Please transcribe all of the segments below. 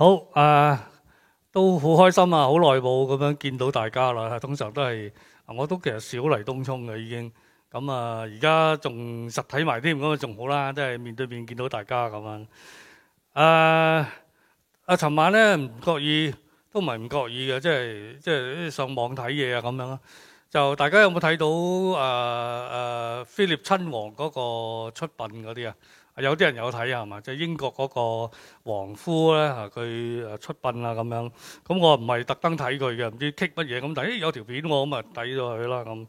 好啊，呃，都好開心啊，好耐冇咁樣見到大家啦。通常都係，我都其實少嚟東涌嘅已經。咁，呃，啊，而家仲實體埋啲咁啊，仲好啦，即係面對面見到大家咁樣。啊，呃，啊，尋、呃、晚咧唔覺意，都唔係唔覺意嘅，即係即係上網睇嘢啊咁樣。就大家有冇睇到啊啊，菲、呃、臘、呃、親王嗰個出品嗰啲啊？有啲人有睇係嘛？即係英國嗰個皇夫咧，佢出殯啊咁樣。咁我唔係特登睇佢嘅，唔知 kick 乜嘢。咁但係有條片我咁咪睇咗佢啦咁。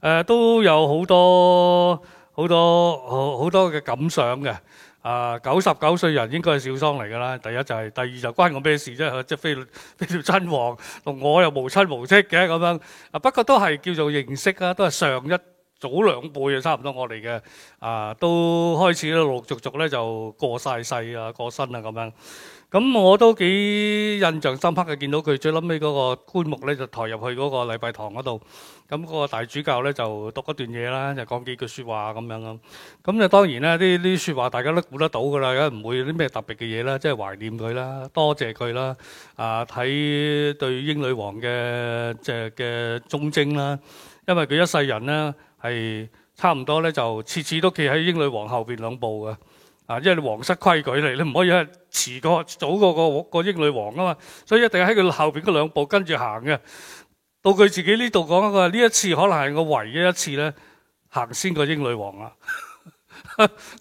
誒都有好多好多好好多嘅感想嘅。啊，九十九歲人應該係笑喪嚟㗎啦。第一就係，第二就關我咩事啫？即係菲臘親王同我又無親無戚嘅咁樣。啊，不過都係叫做認識啦，都係上一，早兩輩啊，差唔多我哋嘅啊，都開始咧陸陸續續咧就過晒世啊，過身啊咁樣。咁我都幾印象深刻嘅，見到佢最撚尾嗰個棺木咧就抬入去嗰個禮拜堂嗰度。咁、那、嗰個大主教咧就讀一段嘢啦，就講幾句説話咁樣咁。咁就當然咧，啲啲説話大家都估得到㗎啦，唔會有啲咩特別嘅嘢啦，即係懷念佢啦，多謝佢啦。啊，睇對英女王嘅嘅嘅忠貞啦，因為佢一世人啦。係差唔多咧，就次次都企喺英女王後邊兩步嘅。啊，因為皇室規矩嚟，你唔可以係遲過、早過個個英女王啊嘛，所以一定喺佢後邊嗰兩步跟住行嘅。到佢自己呢度講一個，呢一次可能係我唯一一次咧，行先個英女王啊。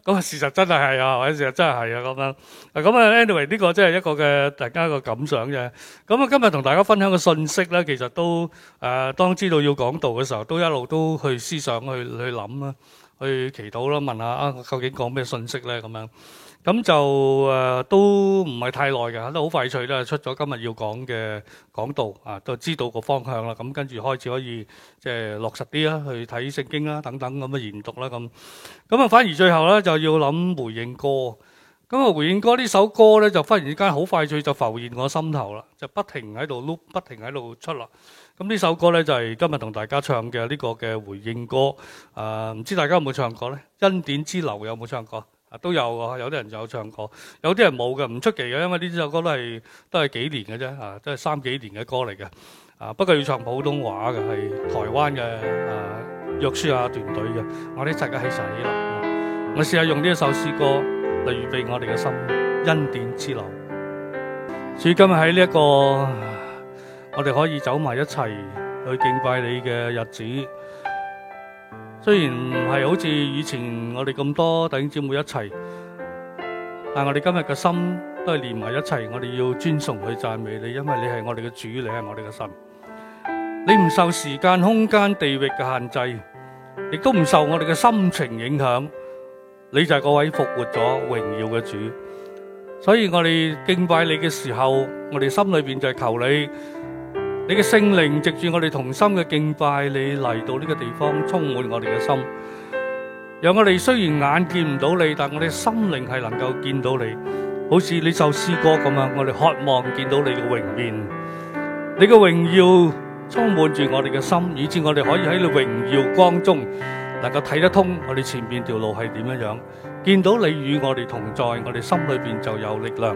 咁啊， 事實真係係啊，或者事實真係係啊咁樣。啊，咁啊 Anyway 呢個真係一個嘅大家一個感想啫。咁啊，今日同大家分享嘅信息咧，其實都誒、呃，當知道要講道嘅時候，都一路都去思想、去去諗啊，去祈禱啦，問下啊，究竟講咩信息咧咁樣。咁就誒都唔係太耐嘅，都好快脆啦，出咗今日要講嘅講道啊，就知道個方向啦。咁跟住開始可以即係落實啲啦，去睇聖經啦，等等咁嘅研讀啦。咁咁啊，反而最後咧就要諗回應歌。咁啊，回應歌呢首歌咧就忽然之間好快脆就浮現我心頭啦，就不停喺度 loop，不停喺度出嚟。咁呢首歌咧就係今日同大家唱嘅呢個嘅回應歌。誒，唔知大家有冇唱過咧？恩典之流有冇唱過？都有啊，有啲人就有唱過，有啲人冇嘅，唔出奇嘅，因為呢首歌都係都係幾年嘅啫，嚇、啊，都係三幾年嘅歌嚟嘅。啊，不過要唱普通話嘅係台灣嘅誒約書亞團隊嘅，我哋齊家起曬啦。我試下用呢一首詩歌嚟預備我哋嘅心，恩典之流。至今日喺呢一個，我哋可以走埋一齊去敬拜你嘅日子。雖然唔係好似以前我哋咁多弟兄姊妹一齊，但我哋今日嘅心都係連埋一齊。我哋要尊崇佢讚美你，因為你係我哋嘅主，你係我哋嘅神。你唔受時間、空間、地域嘅限制，亦都唔受我哋嘅心情影響。你就係嗰位復活咗榮耀嘅主。所以我哋敬拜你嘅時候，我哋心裏邊就係求你，你嘅聖靈藉住我哋同心嘅敬拜，你嚟到呢個地方，充滿我哋嘅心。讓我哋雖然眼見唔到你，但我哋心靈係能夠見到你。好似呢首詩歌咁啊！我哋渴望見到你嘅榮面，你嘅榮耀充滿住我哋嘅心，以致我哋可以喺你榮耀光中，能夠睇得通我哋前面條路係點樣樣。見到你與我哋同在，我哋心裏邊就有力量。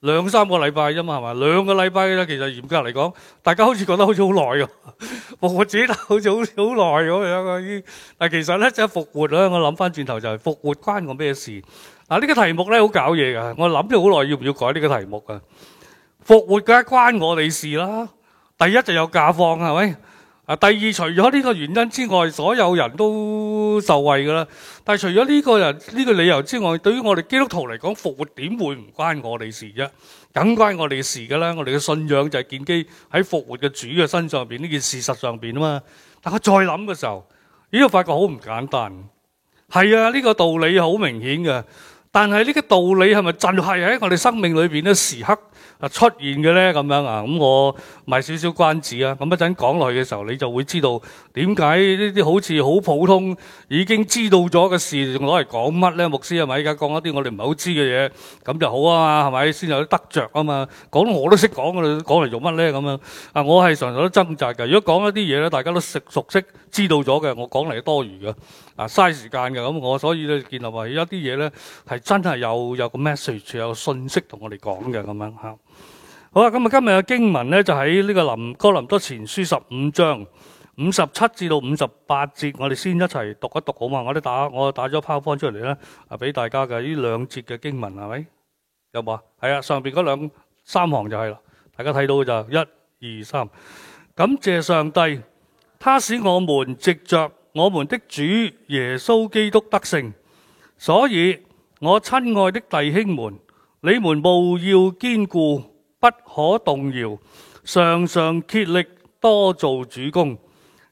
兩三個禮拜啫嘛，係嘛？兩個禮拜啦，其實嚴格嚟講，大家好似覺得好似好耐嘅，我 我自己都好似好似好耐咁樣嘅。但其實咧，即係復活咧，我諗翻轉頭就係、是、復活關我咩事？嗱、啊，呢、這個題目咧好搞嘢噶，我諗咗好耐，要唔要改呢個題目啊？復活梗係關我哋事啦，第一就有假放，係咪？第二，除咗呢個原因之外，所有人都受惠噶啦。但係除咗呢個人呢個理由之外，對於我哋基督徒嚟講，復活點會唔關我哋事啫？梗關我哋事噶啦！我哋嘅信仰就係建基喺復活嘅主嘅身上邊呢件事實上邊啊嘛。但係我再諗嘅時候，呢咦？發覺好唔簡單。係啊，呢個道理好明顯嘅。但係呢個道理係咪真係喺我哋生命裏邊呢時刻啊，出現嘅咧？咁樣啊，咁我賣少少關子啊。咁一陣講落去嘅時候，你就會知道點解呢啲好似好普通、已經知道咗嘅事，仲攞嚟講乜咧？牧師係咪？而家講一啲我哋唔係好知嘅嘢，咁就好啊？係咪？先有得着吖嘛，講到我都識講啦，我哋講嚟做乜咧？咁樣啊？我係常常都掙扎嘅。如果講一啲嘢咧，大家都食熟悉、知道咗嘅，我講嚟係多餘嘅，啊，嘥時間嘅。咁我所以咧，見到話有一啲嘢咧係。真係有有個 message 有信息同我哋講嘅咁樣吓，好啦，咁啊今日嘅經文咧就喺呢個林哥林多前書十五章五十七至到五十八節，我哋先一齊讀一讀好嘛？我哋打我打咗 PowerPoint 出嚟咧，啊俾大家嘅呢兩節嘅經文係咪有冇啊？係啊，上邊嗰兩三行就係啦，大家睇到嘅就一二三，感謝上帝，他使我們藉着我們的主耶穌基督得勝，所以。我親愛的弟兄們，你們務要堅固，不可動搖，常常竭力多做主工，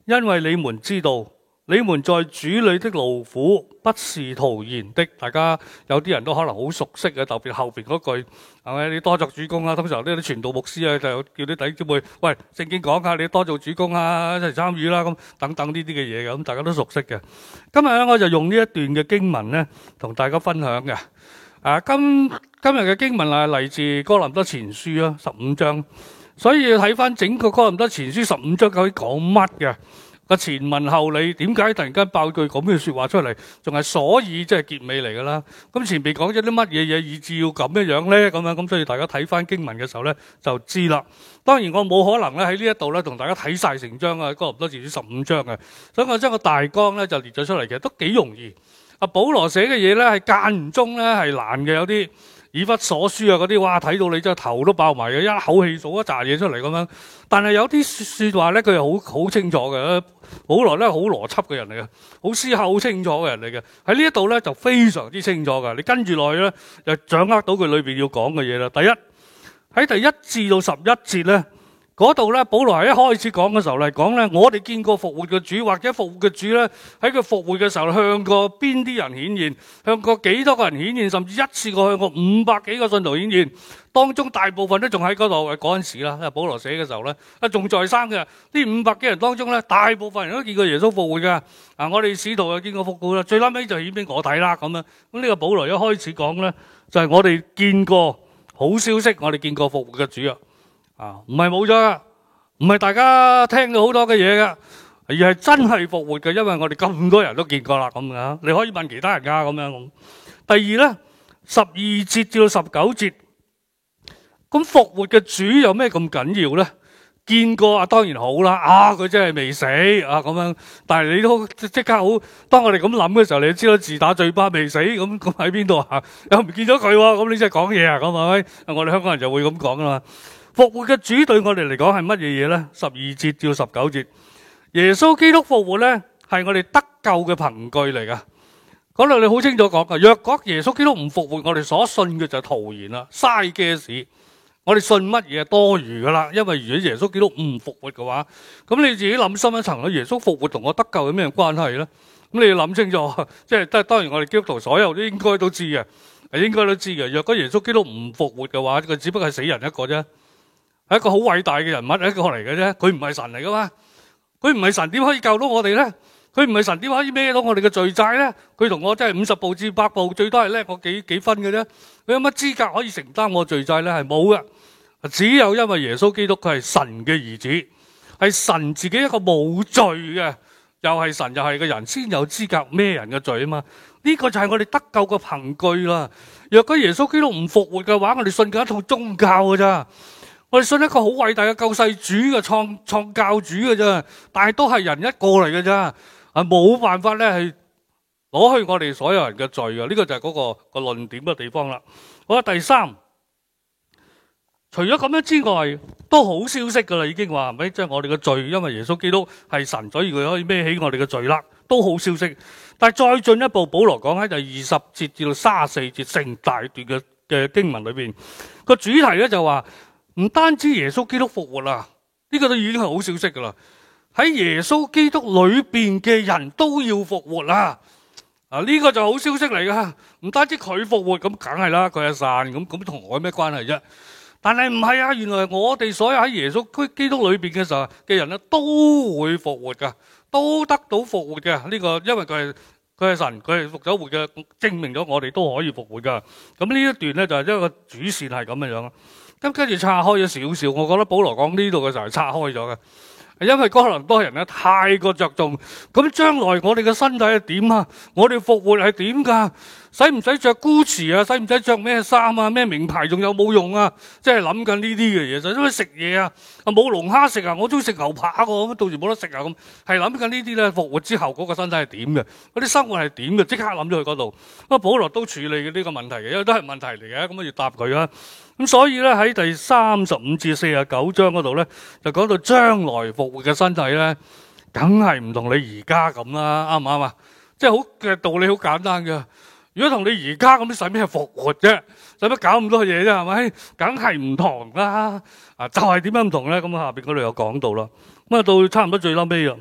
因為你們知道。你們在主裏的勞苦不是徒然的，大家有啲人都可能好熟悉嘅，特別後邊嗰句係咪？你多作主工啊，通常啲傳道牧師啊就叫啲弟兄姊妹，喂，聖經講下，你多做主工啊，一齊參與啦，咁等等呢啲嘅嘢，咁大家都熟悉嘅。今日咧，我就用呢一段嘅經文咧，同大家分享嘅。啊，今今日嘅經文啊，嚟自哥林多前書啊，十五章，所以要睇翻整個哥林多前書十五章佢講乜嘅。個前文後理點解突然間爆句咁嘅説話出嚟？仲係所以即係結尾嚟㗎啦。咁前面講咗啲乜嘢嘢，以至要咁嘅樣咧？咁樣咁，所以大家睇翻經文嘅時候咧，就知啦。當然我冇可能咧喺呢一度咧同大家睇晒成章啊，嗰唔多至少十五章嘅，所以我將個大綱咧就列咗出嚟嘅，其實都幾容易。阿保羅寫嘅嘢咧係間唔中咧係難嘅，有啲。以弗所書啊嗰啲哇睇到你真係頭都爆埋嘅，一口氣數一紮嘢出嚟咁樣。但係有啲説話咧，佢係好好清楚嘅，好來咧好邏輯嘅人嚟嘅，好思考、好清楚嘅人嚟嘅。喺呢一度咧就非常之清楚嘅，你跟住落去咧就掌握到佢裏邊要講嘅嘢啦。第一喺第一至到十一節咧。嗰度咧，保羅喺一開始講嘅時候嚟講咧，我哋見過復活嘅主，或者復活嘅主咧喺佢復活嘅時候向過邊啲人顯現，向過幾多個人顯現，甚至一次過向過五百幾個信徒顯現，當中大部分都仲喺嗰度，誒嗰陣時啦，因為保羅寫嘅時候咧，啊仲在生嘅，呢五百幾人當中咧，大部分人都見過耶穌復活噶，啊我哋使徒又見過復活啦，最拉尾就顯俾我睇啦，咁樣，咁呢個保羅一開始講咧，就係我哋見過好消息，我哋見過復活嘅主啊。啊，唔係冇咗噶，唔係大家聽到好多嘅嘢噶，而係真係復活嘅，因為我哋咁多人都見過啦咁樣，你可以問其他人家咁樣。第二咧，十二節至到十九節，咁復活嘅主有咩咁緊要咧？見過啊，當然好啦，啊佢真係未死啊咁樣，但係你都即刻好，當我哋咁諗嘅時候，你知道自打嘴巴未死咁，咁喺邊度啊？又唔見咗佢喎，咁你真係講嘢啊？咁係咪？我哋香港人就會咁講噶嘛？復活嘅主對我哋嚟講係乜嘢嘢咧？十二節到十九節，耶穌基督復活咧係我哋得救嘅憑據嚟噶。嗰度你好清楚講噶，若果耶穌基督唔復活，我哋所信嘅就係徒然啦，嘥嘅事。我哋信乜嘢多餘噶啦？因為如果耶穌基督唔復活嘅話，咁你自己諗深一層啦。耶穌復活同我得救有咩關係咧？咁你要諗清楚，即係都係當然，我哋基督徒所有都應該都知嘅，應該都知嘅。若果耶穌基督唔復活嘅話，佢只不過係死人一個啫。係一個好偉大嘅人物，一個嚟嘅啫。佢唔係神嚟噶嘛？佢唔係神，點可以救到我哋咧？佢唔係神，點可以孭到我哋嘅罪債咧？佢同我真係五十步至百步，最多係叻我幾幾分嘅啫。佢有乜資格可以承擔我罪債咧？係冇嘅。只有因為耶穌基督佢係神嘅兒子，係神自己一個冇罪嘅，又係神又係個人，先有資格孭人嘅罪啊嘛。呢個就係我哋得救嘅憑據啦。若果耶穌基督唔復活嘅話，我哋信緊一套宗教嘅咋。我哋信一個好偉大嘅救世主嘅創創教主嘅啫，但係都係人一個嚟嘅啫，係冇辦法咧，係攞去我哋所有人嘅罪嘅，呢個就係嗰個個論點嘅地方啦。好啦，第三，除咗咁樣之外，都好消息噶啦，已經話，咪即係我哋嘅罪，因為耶穌基督係神，所以佢可以孭起我哋嘅罪啦，都好消息。但係再進一步，保羅講喺第二十節至到卅四節成大段嘅嘅經文裏邊，個主題咧就話。唔單止耶穌基督復活啦，呢個都已經係好消息噶啦。喺耶穌基督裏邊嘅人都要復活啦。啊，呢個就好消息嚟噶。唔單止佢復活，咁梗係啦，佢係神，咁咁同我有咩關係啫？但係唔係啊，原來我哋所有喺耶穌基督裏邊嘅時候嘅人咧，都會復活噶，都得到復活嘅。呢個因為佢係佢係神，佢係復活咗活嘅，證明咗我哋都可以復活噶。咁呢一段咧就係一個主綫係咁樣樣。咁跟住拆開咗少少，我覺得保羅講呢度嘅時候拆開咗嘅，因為哥林多人咧太過着重，咁將來我哋嘅身體係點啊？我哋復活係點噶？使唔使着 Gucci 啊？使唔使着咩衫啊？咩名牌仲有冇用啊？即係諗緊呢啲嘅嘢，就因為食嘢啊，冇龍蝦食啊，我中意食牛扒喎，到時冇得食啊，咁係諗緊呢啲咧，復活之後嗰個身體係點嘅？嗰啲生活係點嘅？即刻諗咗去嗰度。阿保羅都處理嘅呢個問題嘅，因為都係問題嚟嘅，咁要答佢啊。咁所以咧喺第三十五至四十九章嗰度咧，就講到將來復活嘅身體咧，梗係唔同你而家咁啦，啱唔啱啊？即係好嘅道理，好簡單嘅。如果你對對同你而家咁，使咩復活啫？使乜搞咁多嘢啫？係咪？梗係唔同啦。啊，就係點樣唔同咧？咁下邊嗰度有講到啦。咁啊，到差唔多最嬲尾啊，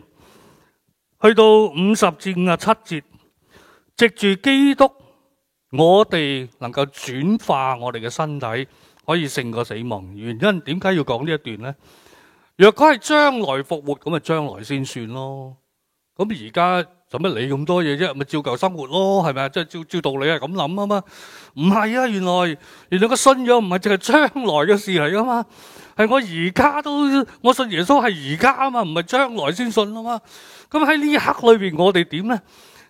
去到五十至五十七節，藉住基督，我哋能夠轉化我哋嘅身體。可以勝過死亡，原因點解要講呢一段咧？若果係將來復活，咁咪將來先算咯。咁而家做乜理咁多嘢啫？咪照舊生活咯，係咪啊？即係照照道理係咁諗啊嘛。唔係啊，原來原來個信仰唔係淨係將來嘅事嚟啊嘛。係我而家都我信耶穌係而家啊嘛，唔係將來先信啊嘛。咁喺呢刻裏邊，我哋點咧？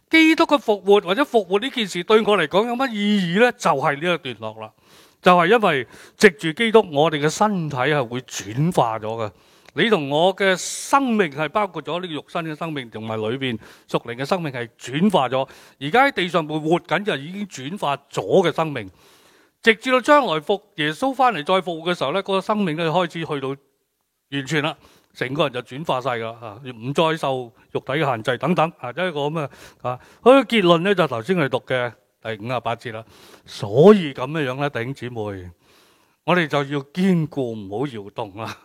基督嘅復活或者復活呢件事對我嚟講有乜意義咧？就係呢一段落啦。就係因為藉住基督，我哋嘅身體係會轉化咗嘅。你同我嘅生命係包括咗呢個肉身嘅生命，同埋裏邊屬靈嘅生命係轉化咗。而家喺地上面活緊就已經轉化咗嘅生命，直至到將來復耶穌翻嚟再復活嘅時候咧，個生命咧開始去到完全啦，成個人就轉化晒噶吓，唔再受肉體嘅限制等等啊，即係一個咁嘅啊。嗰個結論咧就頭先我哋讀嘅，係五啊八節啦，所以咁樣樣咧，弟兄姊妹，我哋就要堅固要，唔好搖動啦。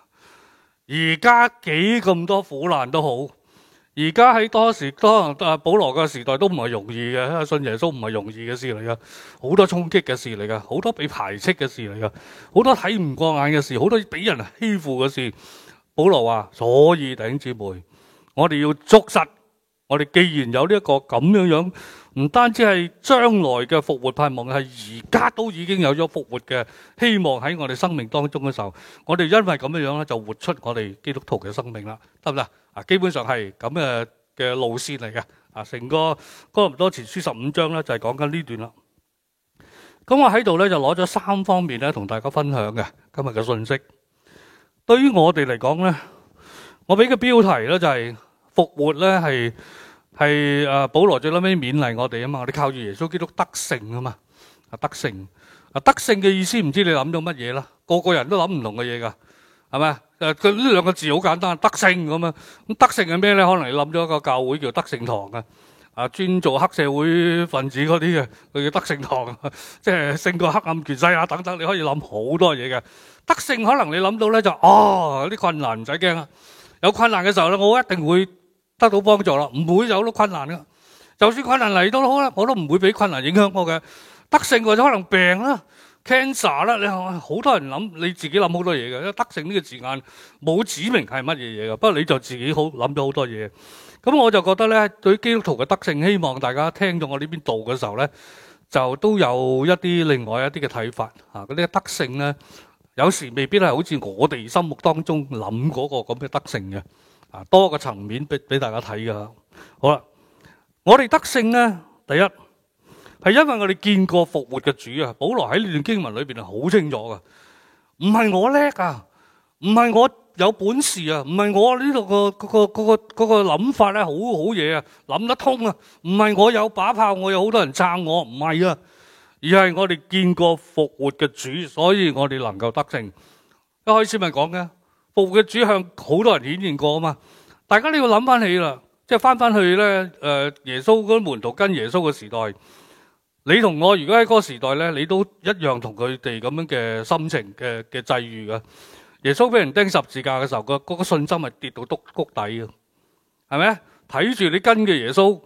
而家幾咁多苦難都好，而家喺當時當啊保羅嘅時代都唔係容易嘅，信耶穌唔係容易嘅事嚟噶，好多衝擊嘅事嚟噶，好多被排斥嘅事嚟噶，好多睇唔過眼嘅事，好多俾人欺負嘅事。保羅話：所以弟兄姊妹，我哋要捉實，我哋既然有呢一個咁樣樣。唔單止係將來嘅復活盼望，係而家都已經有咗復活嘅希望喺我哋生命當中嘅時候，我哋因為咁樣樣咧，就活出我哋基督徒嘅生命啦，得唔得？啊，基本上係咁嘅嘅路線嚟嘅。啊，成個哥林多前書十五章咧就係講緊呢段啦。咁我喺度咧就攞咗三方面咧同大家分享嘅今日嘅信息。對於我哋嚟講咧，我俾個標題咧就係復活咧係。係誒、啊，保羅最屘尾勉勵我哋啊嘛，我哋靠住耶穌基督得勝啊嘛，得啊得勝啊得勝嘅意思唔知你諗到乜嘢啦？個個人都諗唔同嘅嘢噶，係咪？誒、啊，佢呢兩個字好簡單，得勝咁啊？咁得勝係咩咧？可能你諗咗一個教會叫得勝堂嘅，啊專做黑社會分子嗰啲嘅，佢叫得勝堂，即係勝過黑暗權勢啊等等。你可以諗好多嘢嘅，得勝可能你諗到咧就哦啲、啊、困難唔使驚啊，有困難嘅時候咧，我一定會。得到幫助啦，唔會有好多困難噶。就算困難嚟到都好啦，我都唔會俾困難影響我嘅。得勝或者可能病啦，cancer 啦，你好多人諗，你自己諗好多嘢嘅。因為得勝呢個字眼冇指明係乜嘢嘢嘅，不過你就自己好諗咗好多嘢。咁我就覺得咧，對基督徒嘅得勝，希望大家聽到我呢邊道嘅時候咧，就都有一啲另外一啲嘅睇法嚇。嗰啲得勝咧，有時未必係好似我哋心目當中諗嗰個咁嘅得勝嘅。啊，多個層面俾俾大家睇噶。好啦，我哋得勝咧，第一係因為我哋見過復活嘅主啊。保羅喺呢段經文裏邊係，好清楚噶，唔係我叻啊，唔係我有本事啊，唔係我呢度個嗰個嗰個嗰個諗法咧，好好嘢啊，諗得通啊，唔係我有把炮，我有好多人撐我，唔係啊，而係我哋見過復活嘅主，所以我哋能夠得勝。一開始咪講嘅。服嘅主向好多人顯現過啊嘛，大家你要諗翻起啦，即係翻翻去咧，誒，耶穌嗰啲門徒跟耶穌嘅時代，你同我如果喺嗰個時代咧，你都一樣同佢哋咁樣嘅心情嘅嘅際遇噶。耶穌俾人釘十字架嘅時候，個個信心係跌到篤谷底嘅，係咪？睇住你跟嘅耶穌，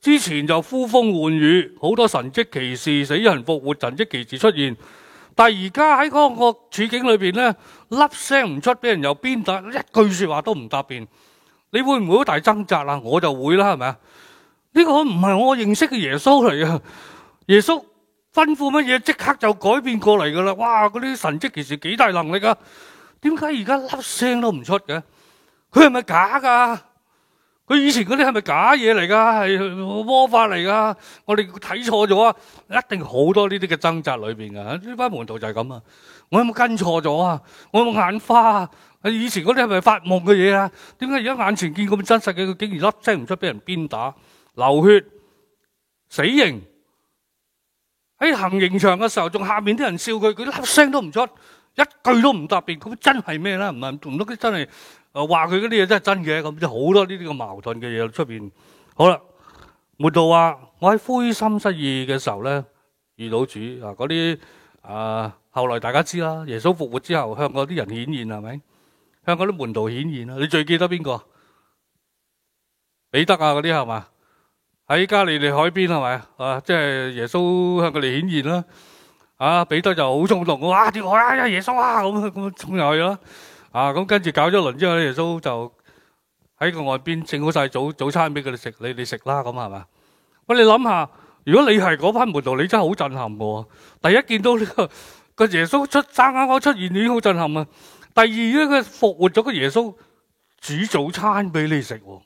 之前就呼風喚雨，好多神跡奇事，死人復活，神跡奇事出現。但而家喺嗰個處境裏邊咧，粒聲唔出，俾人由鞭打，一句説話都唔答辯，你會唔會好大掙扎啦？我就會啦，係咪啊？呢、呢個唔係我認識嘅耶穌嚟啊！耶穌吩咐乜嘢，即刻就改變過嚟噶啦！哇，嗰啲神跡其實幾大能力啊！點解而家粒聲都唔出嘅？佢係咪假噶？佢以前嗰啲係咪假嘢嚟噶？係魔法嚟噶？我哋睇錯咗啊！一定好多呢啲嘅掙扎裡邊啊！呢班門徒就係咁啊！我有冇跟錯咗啊？我有冇眼花啊？以前嗰啲係咪發夢嘅嘢啊？點解而家眼前見咁真實嘅，佢竟然粒聲唔出，俾人鞭打、流血、死刑。喺行刑場嘅時候，仲下面啲人笑佢，佢粒聲都唔出，一句都唔答辯。咁真係咩啦？唔係同嗰佢真係。誒，話佢嗰啲嘢真係真嘅，咁即係好多呢啲個矛盾嘅嘢出邊。好啦，門徒話：我喺灰心失意嘅時候咧，遇到主啊。嗰啲啊，後來大家知啦，耶穌復活之後，向嗰啲人顯現係咪？向嗰啲門徒顯現啦。你最記得邊個？彼得啊，嗰啲係嘛？喺加利利海邊係咪啊？即係耶穌向佢哋顯現啦。啊，彼得就好衝動，哇跳海啊！耶穌啊，咁咁衝入去啦。啊，咁跟住搞咗輪之後，耶穌就喺個岸邊整好晒早早餐俾佢哋食，你哋食啦，咁係嘛？喂，你諗下、啊，如果你係嗰班門徒，你真係好震撼嘅、啊。第一見到呢、這個個耶穌出生，啱啱出現，你已經好震撼啊！第二咧，佢復活咗個耶穌，煮早餐俾你食、啊，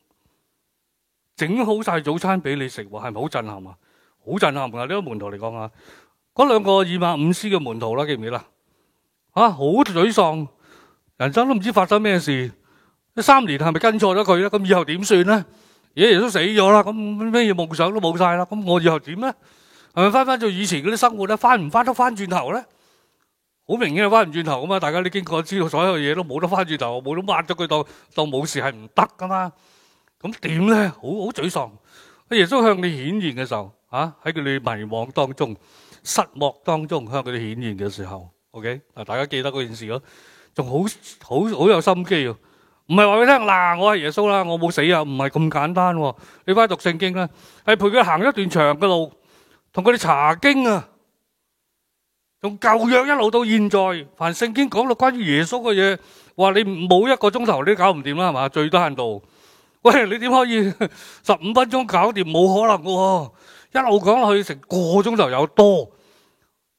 整好晒早餐俾你食、啊，係咪好震撼啊？好震撼啊！呢、這個門徒嚟講啊，嗰兩個以馬忤斯嘅門徒啦，記唔記得？啊，好沮喪。人生都唔知發生咩事，呢三年係咪跟錯咗佢咧？咁以後點算咧？耶穌死咗啦，咁咩嘢夢想都冇晒啦，咁我以後點咧？係咪翻翻到以前嗰啲生活咧？翻唔翻得翻轉頭咧？好明顯係翻唔轉頭噶嘛！大家都經過知道，所有嘢都冇得翻轉頭，冇得抹咗佢當當冇事係唔得噶嘛！咁點咧？好好沮喪。耶穌向你顯現嘅時候，啊喺佢哋迷惘當中、失落當中向佢哋顯現嘅時候，OK，嗱大家記得嗰件事咯。仲好好好有心機、啊，唔係話俾你聽嗱，我係耶穌啦，我冇死啊，唔係咁簡單、啊，你翻去讀聖經啦，係陪佢行一段長嘅路，同佢哋查經啊，從舊約一路到現在，凡聖經講到關於耶穌嘅嘢，話你冇一個鐘頭你都搞唔掂啦，係嘛？最低限度，喂，你點可以十五分鐘搞掂？冇可能嘅、啊，一路講落去成個鐘頭有多。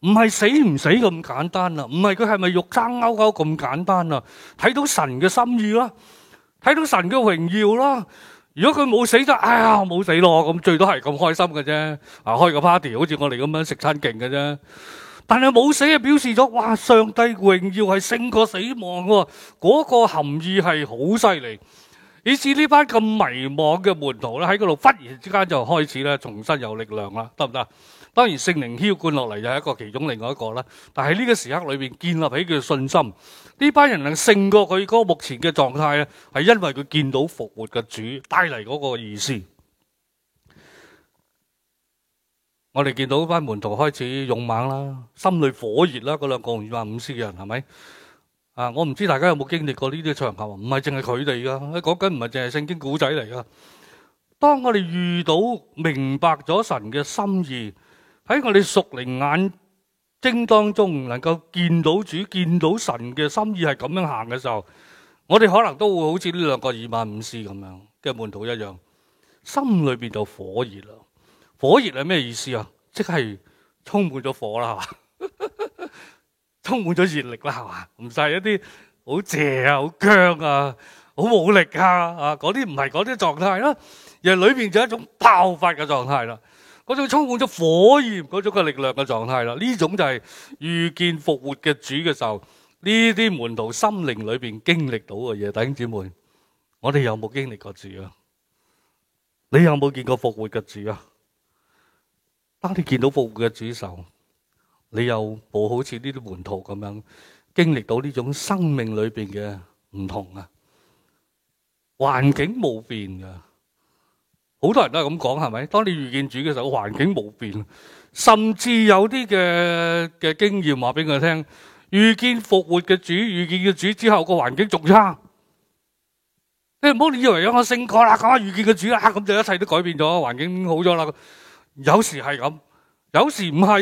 唔係死唔死咁簡單啦，唔係佢係咪肉生勾勾咁簡單啦？睇到神嘅心意啦，睇到神嘅榮耀啦。如果佢冇死就，哎呀冇死咯，咁最多係咁開心嘅啫。啊，開個 party，好似我哋咁樣食餐勁嘅啫。但係冇死，表示咗哇，上帝榮耀係勝過死亡嘅。嗰個含義係好犀利，以至呢班咁迷茫嘅門徒咧，喺嗰度忽然之間就開始咧，重新有力量啦，得唔得？當然，聖靈澆灌落嚟，就係一個其中另外一個啦。但係呢個時刻裏邊，建立起佢嘅信心，呢班人能勝過佢嗰個目前嘅狀態咧，係因為佢見到復活嘅主帶嚟嗰個意思。我哋見到嗰班門徒開始勇猛啦，心裏火熱啦，嗰兩個以馬忤斯嘅人係咪？啊，我唔知大家有冇經歷過呢啲場合，唔係淨係佢哋噶，呢講緊唔係淨係聖經古仔嚟噶。當我哋遇到明白咗神嘅心意。喺我哋屬靈眼睛當中，能夠見到主、見到神嘅心意係咁樣行嘅時候，我哋可能都會好似呢兩個以馬忤斯咁樣嘅門徒一樣，心裏邊就火熱啦。火熱係咩意思啊？即係充滿咗火啦，係嘛？充滿咗熱力啦，係嘛？唔使一啲好靜啊、好僵啊、好冇力啊啊！嗰啲唔係嗰啲狀態啦，而係裏邊就一種爆發嘅狀態啦。嗰種充滿咗火焰嗰種嘅力量嘅狀態啦，呢種就係遇見復活嘅主嘅時候，呢啲門徒心靈裏邊經歷到嘅嘢。弟兄姊妹，我哋有冇經歷過主啊？你有冇見過復活嘅主啊？當你見到復活嘅主時候，你有冇好似呢啲門徒咁樣經歷到呢種生命裏邊嘅唔同啊？環境冇變噶。好多人都係咁講，係咪？當你遇見主嘅時候，環境冇變，甚至有啲嘅嘅經驗話俾佢聽，遇見復活嘅主，遇見嘅主之後個環境仲差。你唔好你以為我升過啦，講下遇見嘅主啦，咁就一切都改變咗，環境好咗啦。有時係咁，有時唔係，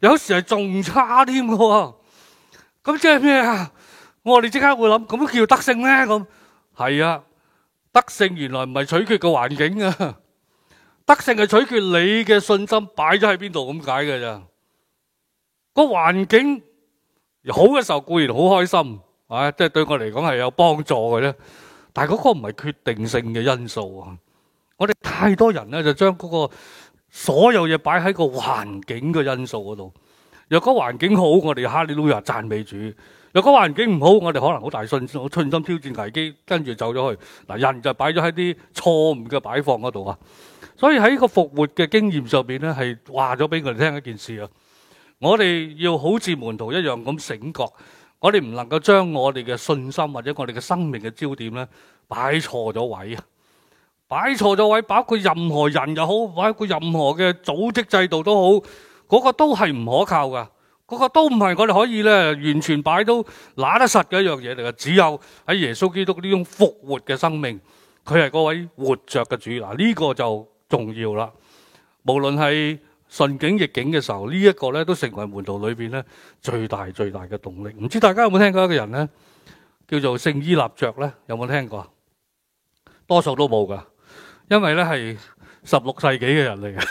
有時係仲差添嘅。咁即係咩啊？我哋即刻會諗，咁叫得勝咩？咁係啊。得勝原來唔係取決個環境啊，得勝係取決你嘅信心擺咗喺邊度，咁解嘅咋？個環境好嘅時候固然好開心，啊，即係對我嚟講係有幫助嘅啫。但係嗰個唔係決定性嘅因素啊！我哋太多人咧就將嗰個所有嘢擺喺個環境嘅因素嗰度。若果環境好，我哋哈利路亞讚美主。如果環境唔好，我哋可能好大信心，我信心挑戰危機，跟住走咗去。嗱，人就擺咗喺啲錯誤嘅擺放嗰度啊。所以喺個復活嘅經驗上邊咧，係話咗俾佢哋聽一件事啊。我哋要好似門徒一樣咁醒覺，我哋唔能夠將我哋嘅信心或者我哋嘅生命嘅焦點咧擺錯咗位啊，擺錯咗位，包括任何人又好，包括任何嘅組織制度都好，嗰個都係唔可靠噶。嗰個都唔係我哋可以咧完全擺到拿得實嘅一樣嘢嚟噶，只有喺耶穌基督呢種復活嘅生命，佢係嗰位活着嘅主，嗱、這、呢個就重要啦。無論係順境逆境嘅時候，呢、這、一個咧都成為門徒裏邊咧最大最大嘅動力。唔知大家有冇聽過一個人咧，叫做聖伊納爵咧，有冇聽過？多數都冇噶，因為咧係十六世紀嘅人嚟嘅。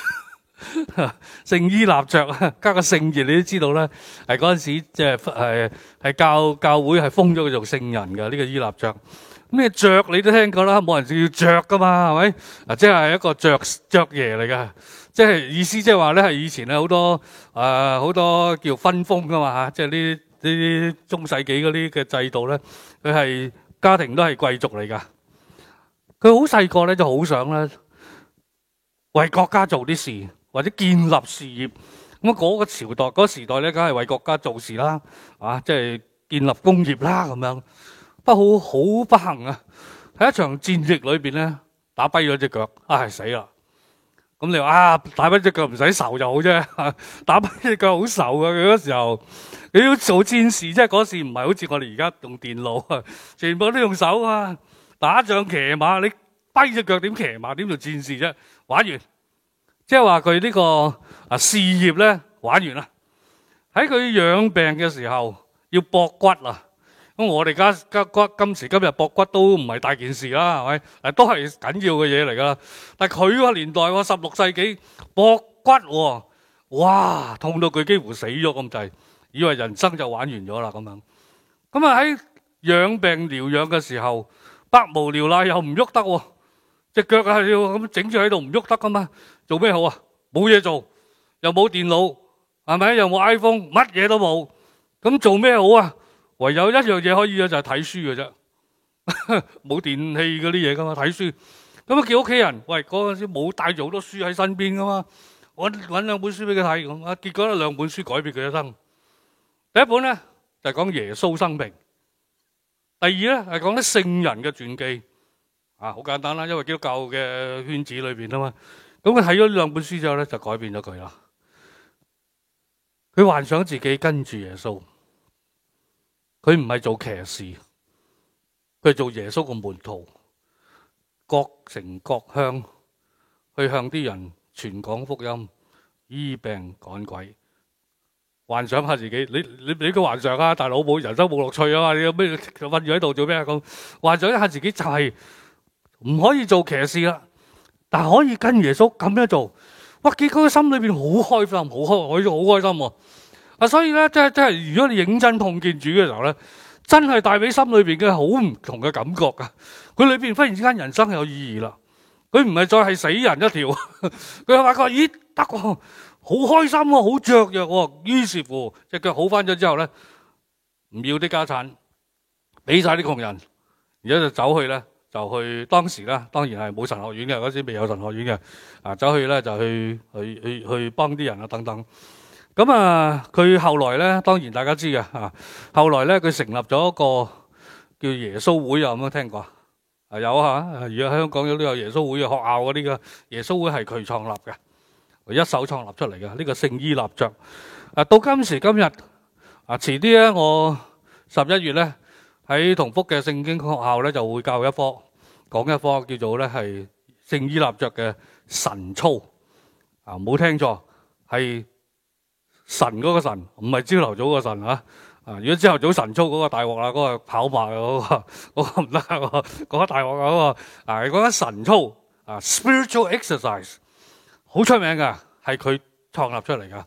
聖伊 納爵啊，加個聖字，你都知道咧，係嗰陣時即係誒，係教教會係封咗佢做聖人嘅，呢、這個伊納爵。咩爵你都聽過啦，冇人叫爵噶嘛，係咪？啊，即係一個雀雀爵爵爺嚟嘅，即係意思即係話咧，係以前咧好多誒好、呃、多叫分封噶嘛吓，即係呢呢中世紀嗰啲嘅制度咧，佢係家庭都係貴族嚟噶。佢好細個咧就好想咧為國家做啲事。或者建立事業，咁、那、嗰個朝代、嗰、那個、時代咧，梗係為國家做事啦，啊，即係建立工業啦咁樣。不過好不幸啊，喺一場戰役裏邊咧，打跛咗隻腳、哎，啊，死啦！咁你話啊，打跛隻腳唔使愁就好啫，打跛隻腳好愁噶。嗰時候你要做戰士，即係嗰時唔係好似我哋而家用電腦，全部都用手啊，打仗騎馬，你跛隻腳，點騎馬，點做戰士啫？玩完。即係話佢呢個啊事業咧玩完啦。喺佢養病嘅時候要駁骨啊。咁我哋而家骨今時今日駁骨都唔係大件事啦，係咪？誒都係緊要嘅嘢嚟噶。但係佢個年代十六世紀駁骨，哇痛到佢幾乎死咗咁滯，以為人生就玩完咗啦咁樣。咁啊喺養病療養嘅時候百無聊賴，又唔喐得，隻腳啊係要咁整住喺度唔喐得噶嘛。做咩好啊？冇嘢做，又冇電腦，係咪？又冇 iPhone，乜嘢都冇。咁做咩好啊？唯有一樣嘢可以啊，就係睇書嘅啫。冇電器嗰啲嘢噶嘛，睇書。咁啊叫屋企人，喂，嗰陣時冇帶咗好多書喺身邊噶嘛。我搵兩本書俾佢睇，咁啊，結果咧兩本書改變佢一生。第一本咧就係講耶穌生命，第二咧係講啲聖人嘅傳記。啊，好簡單啦，因為基督教嘅圈子裏邊啊嘛。咁佢睇咗兩本書之後咧，就改變咗佢啦。佢幻想自己跟住耶穌，佢唔係做騎士，佢做耶穌個門徒，各城各鄉去向啲人傳講福音，醫病趕鬼。幻想下自己，你你你佢幻想啊！大佬冇人生冇樂趣啊嘛，你有咩困住喺度做咩啊？咁幻想一下自己就係、是、唔可以做騎士啦。但可以跟耶穌咁樣做，哇！結果佢心裏邊好開心，好開，佢好開心喎。心啊，所以咧，即係即係，如果你認真碰見主嘅時候咧，真係帶俾心裏邊嘅好唔同嘅感覺噶。佢裏邊忽然之間人生有意義啦，佢唔係再係死人一條，佢 發覺咦得喎，好開心喎，啊，好雀躍喎，啊。於是乎，隻腳好返咗之後咧，唔要啲家產，俾晒啲窮人，而家就走去啦。就去當時咧，當然係冇神學院嘅，嗰時未有神學院嘅，啊，走去咧，就去去去去幫啲人啊等等。咁啊，佢後來咧，當然大家知嘅吓。後來咧，佢成立咗一個叫耶穌會啊，有冇聽過啊？有啊，而喺香港都有耶穌會嘅學校嘅，呢個耶穌會係佢創立嘅，一手創立出嚟嘅呢個聖依納爵。啊，到今時今日啊，遲啲咧，我十一月咧喺同福嘅聖經學校咧就會教一科。講一科叫做咧係聖伊納爵嘅神操啊，冇聽錯，係神嗰個神，唔係朝頭早個神啊！啊，如果朝頭早神操嗰、那個大鑊啦，嗰、那個跑馬嗰、那個，那個唔得啊！嗰、那個那個、大鑊嗰、那個啊，嗰、那個神操啊，spiritual exercise 好出名噶，係佢創立出嚟噶。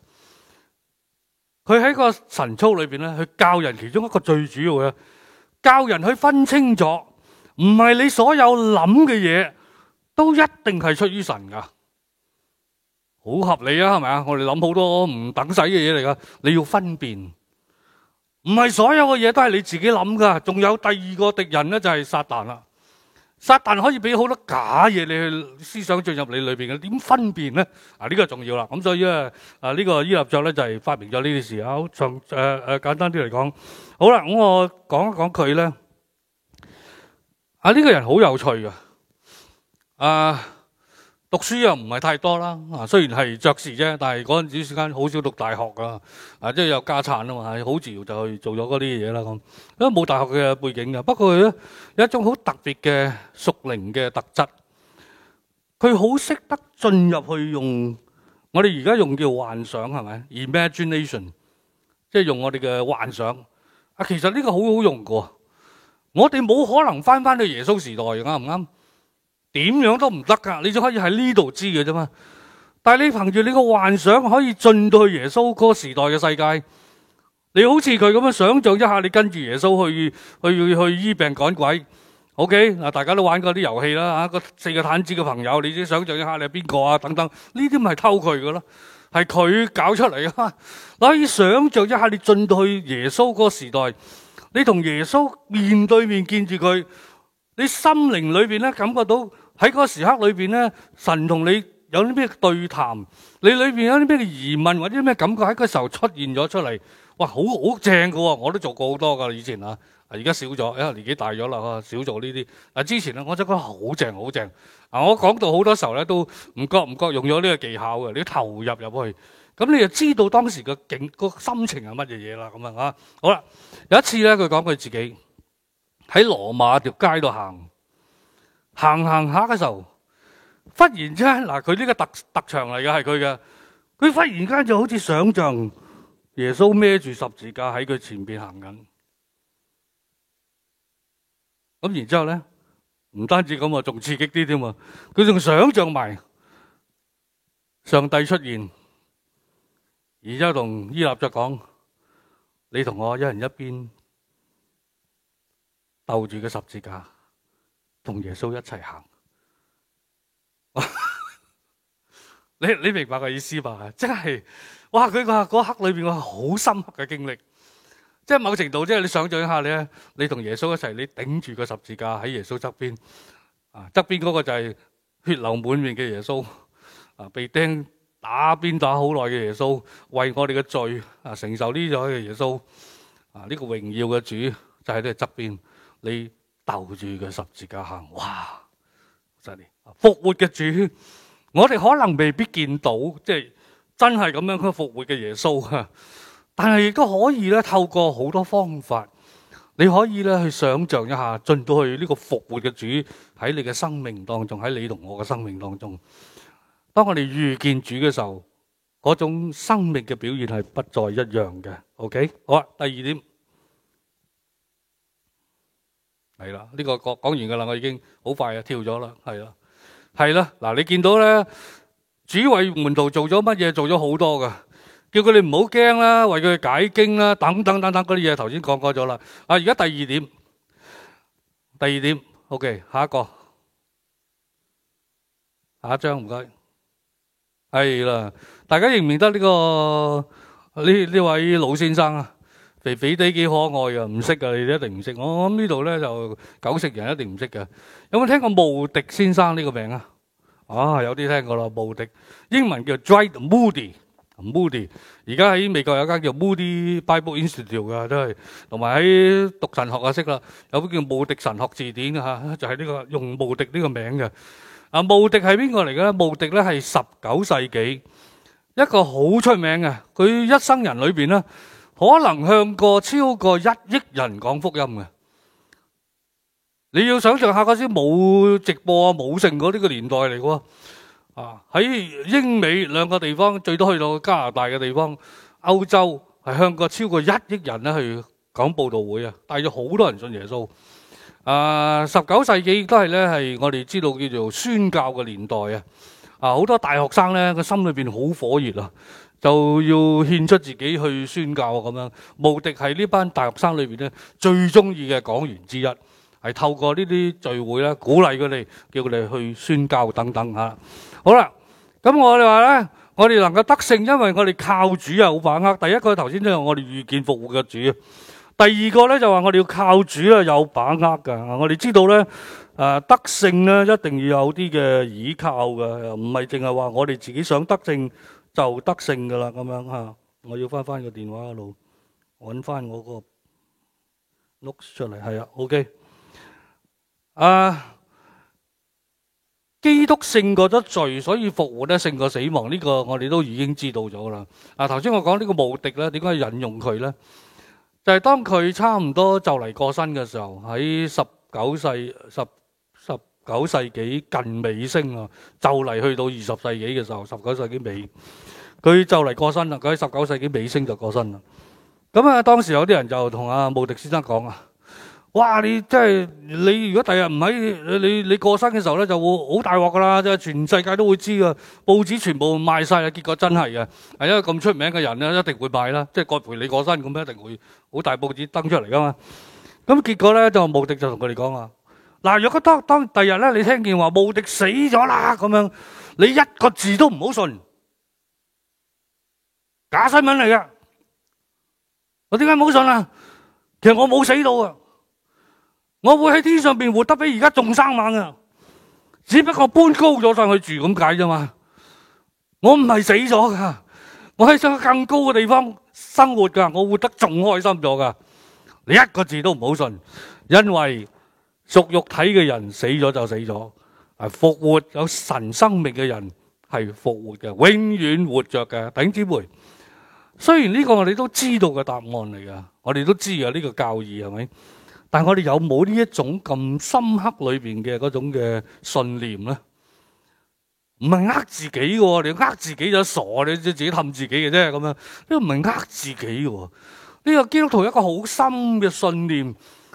佢喺個神操裏邊咧，佢教人其中一個最主要嘅，教人去分清楚。唔係你所有諗嘅嘢，都一定係出於神噶。好合理啊，係咪啊？我哋諗好多唔等使嘅嘢嚟噶，你要分辨，唔係所有嘅嘢都係你自己諗噶，仲有第二個敵人咧就係、是、撒旦啦，撒旦可以俾好多假嘢你去思想進入你裏邊嘅，點分辨咧？啊呢、這個重要啦，咁所以咧啊呢、這個伊立作咧就係、是、發明咗呢件事啊，好誒誒簡單啲嚟講，好啦，咁我講一講佢咧。啊！呢個人好有趣嘅，啊讀書又唔係太多啦，啊雖然係爵士啫，但係嗰陣時時間好少讀大學噶，啊，啊即係有家產啊嘛，係好自由就去做咗嗰啲嘢啦咁。因為冇大學嘅背景嘅，不過咧有一種好特別嘅屬靈嘅特質，佢好識得進入去用我哋而家用叫幻想係咪？Imagination，即係用我哋嘅幻想。啊，其實呢個好好用噶。我哋冇可能翻翻去耶穌時代，啱唔啱？點樣都唔得噶，你只可以喺呢度知嘅啫嘛。但係你憑住你個幻想，可以進到去耶穌嗰個時代嘅世界。你好似佢咁樣想象一下，你跟住耶穌去去去醫病趕鬼。OK，嗱，大家都玩過啲遊戲啦吓，啊、四個癱子嘅朋友，你先想象一下你係邊個啊？等等，呢啲咪係偷佢嘅咯，係佢搞出嚟啊！ 可以想象一下，你進到去耶穌嗰個時代。你同耶穌面對面見住佢，你心靈裏邊咧感覺到喺嗰個時刻裏邊咧，神同你有啲咩對談，你裏邊有啲咩疑問或者咩感覺喺嗰時候出現咗出嚟？哇，好好正噶喎，我都做過好多噶以前啊，而家少咗，因為年紀大咗啦，少做呢啲。啊，之前咧，我就覺得好正好正。啊，我講到好多時候咧，都唔覺唔覺用咗呢個技巧嘅，你投入入去。咁你就知道當時個景個心情係乜嘢嘢啦？咁樣吓，好啦，有一次咧，佢講佢自己喺羅馬條街度行，行行下嘅時候，忽然之間嗱，佢呢個特特長嚟嘅係佢嘅，佢忽然間就好似想像耶穌孭住十字架喺佢前邊行緊，咁然之後咧，唔單止咁啊，仲刺激啲添啊！佢仲想像埋上，上帝出現。而之後同伊立着講，你同我一人一邊鬥住個十字架，同耶穌一齊行。 你你明白個意思吧？即係，哇！佢話嗰刻裏邊個好深刻嘅經歷，即係某程度，即係你想象一下，你你同耶穌一齊，你頂住個十字架喺耶穌側邊，啊側邊嗰個就係血流滿面嘅耶穌，啊，被釘。打邊打好耐嘅耶穌，為我哋嘅罪啊、呃、承受呢種嘅耶穌啊呢、呢個榮耀嘅主就喺、是、呢你側邊，你斗住佢十字架行，哇！犀利！復活嘅主，我哋可能未必見到，即係真係咁樣嘅復活嘅耶穌，啊、但係亦都可以咧透過好多方法，你可以咧去想象一下，進到去呢個復活嘅主喺你嘅生命當中，喺你同我嘅生命當中。當我哋遇見主嘅時候，嗰種生命嘅表現係不再一樣嘅。OK，好啦，第二點係啦，呢個講講完噶啦，我已經好快啊跳咗啦，係啦，係啦。嗱，你見到咧，主為門徒做咗乜嘢？做咗好多噶，叫佢哋唔好驚啦，為佢哋解經啦，等等等等嗰啲嘢，頭先講過咗啦。啊，而家第二點，第二點，OK，下一個，下一張唔該。係啦，大家認唔認得呢個呢呢位老先生啊？肥肥哋幾可愛噶，唔識噶，你一定唔識。我諗呢度咧就九成人一定唔識嘅。有冇聽過慕迪先生呢個名啊？啊，有啲聽過啦。慕迪英文叫 Dwight Moody，Moody。而家喺美國有間叫 Moody Bible Institute 噶，都係同埋喺讀神學啊識啦。有個叫《慕迪神學字典》啊，就係呢個用慕迪呢個名嘅。啊，慕迪係邊個嚟嘅咧？慕迪咧係十九世紀一個好出名嘅，佢一生人裏邊咧，可能向過超過一億人講福音嘅。你要想象下嗰時冇直播啊，冇剩個呢個年代嚟嘅喎。啊，喺英美兩個地方，最多去到加拿大嘅地方，歐洲係向過超過一億人咧去講佈道會啊，帶咗好多人信耶穌。啊，十九、uh, 世紀亦都係咧，係我哋知道叫做宣教嘅年代啊！啊，好多大學生咧個心裏邊好火熱啊，就要獻出自己去宣教啊。咁樣。無敵係呢班大學生裏邊咧最中意嘅講員之一，係透過呢啲聚會咧鼓勵佢哋，叫佢哋去宣教等等吓、啊。好啦，咁我哋話咧，我哋能夠得勝，因為我哋靠主啊，好把握。第一個頭先都係我哋遇見復活嘅主、啊。第二個咧就話我哋要靠主啊，有把握噶、啊。我哋知道咧，誒、啊、得勝咧一定要有啲嘅倚靠噶，唔係淨係話我哋自己想得勝就得勝噶啦咁樣吓、啊。我要翻翻個電話嗰度，揾翻我個錄出嚟。係啊，OK。誒、啊，基督勝過咗罪，所以復活咧勝過死亡。呢、這個我哋都已經知道咗啦。啊，頭先我講呢個無敵咧，點解要引用佢咧？就係當佢差唔多就嚟過身嘅時候，喺十九世十十九世紀近尾聲啦，就嚟去到二十世紀嘅時候，十九世紀尾，佢就嚟過身啦。佢喺十九世紀尾聲就過身啦。咁啊，當時有啲人就同阿慕迪先生講啊。哇！你即係你如果第日唔喺你你過身嘅時候咧，就會好大鑊噶啦，即係全世界都會知噶，報紙全部賣晒啦。結果真係嘅，係因為咁出名嘅人咧，一定會賣啦，即係告別你過身咁，一定會好大報紙登出嚟噶嘛。咁、嗯、結果咧就無敵就同佢哋講啊，嗱，如果當當第日咧你聽見話無敵死咗啦咁樣，你一個字都唔好信，假新聞嚟噶。我點解唔好信啊？其實我冇死到啊！我會喺天上邊活得比而家仲生猛啊！只不過搬高咗上去住咁解啫嘛。我唔係死咗噶，我喺上去更高嘅地方生活噶，我活得仲開心咗噶。你一個字都唔好信，因為屬肉體嘅人死咗就死咗，係復活有神生命嘅人係復活嘅，永遠活着嘅頂姊妹。雖然呢個我哋都知道嘅答案嚟噶，我哋都知啊，呢個教義係咪？但係我哋有冇呢一種咁深刻裏邊嘅嗰種嘅信念咧？唔係呃自己嘅，你呃自己就傻，你自己氹自己嘅啫咁樣。呢個唔係呃自己嘅，呢個基督徒一個好深嘅信念。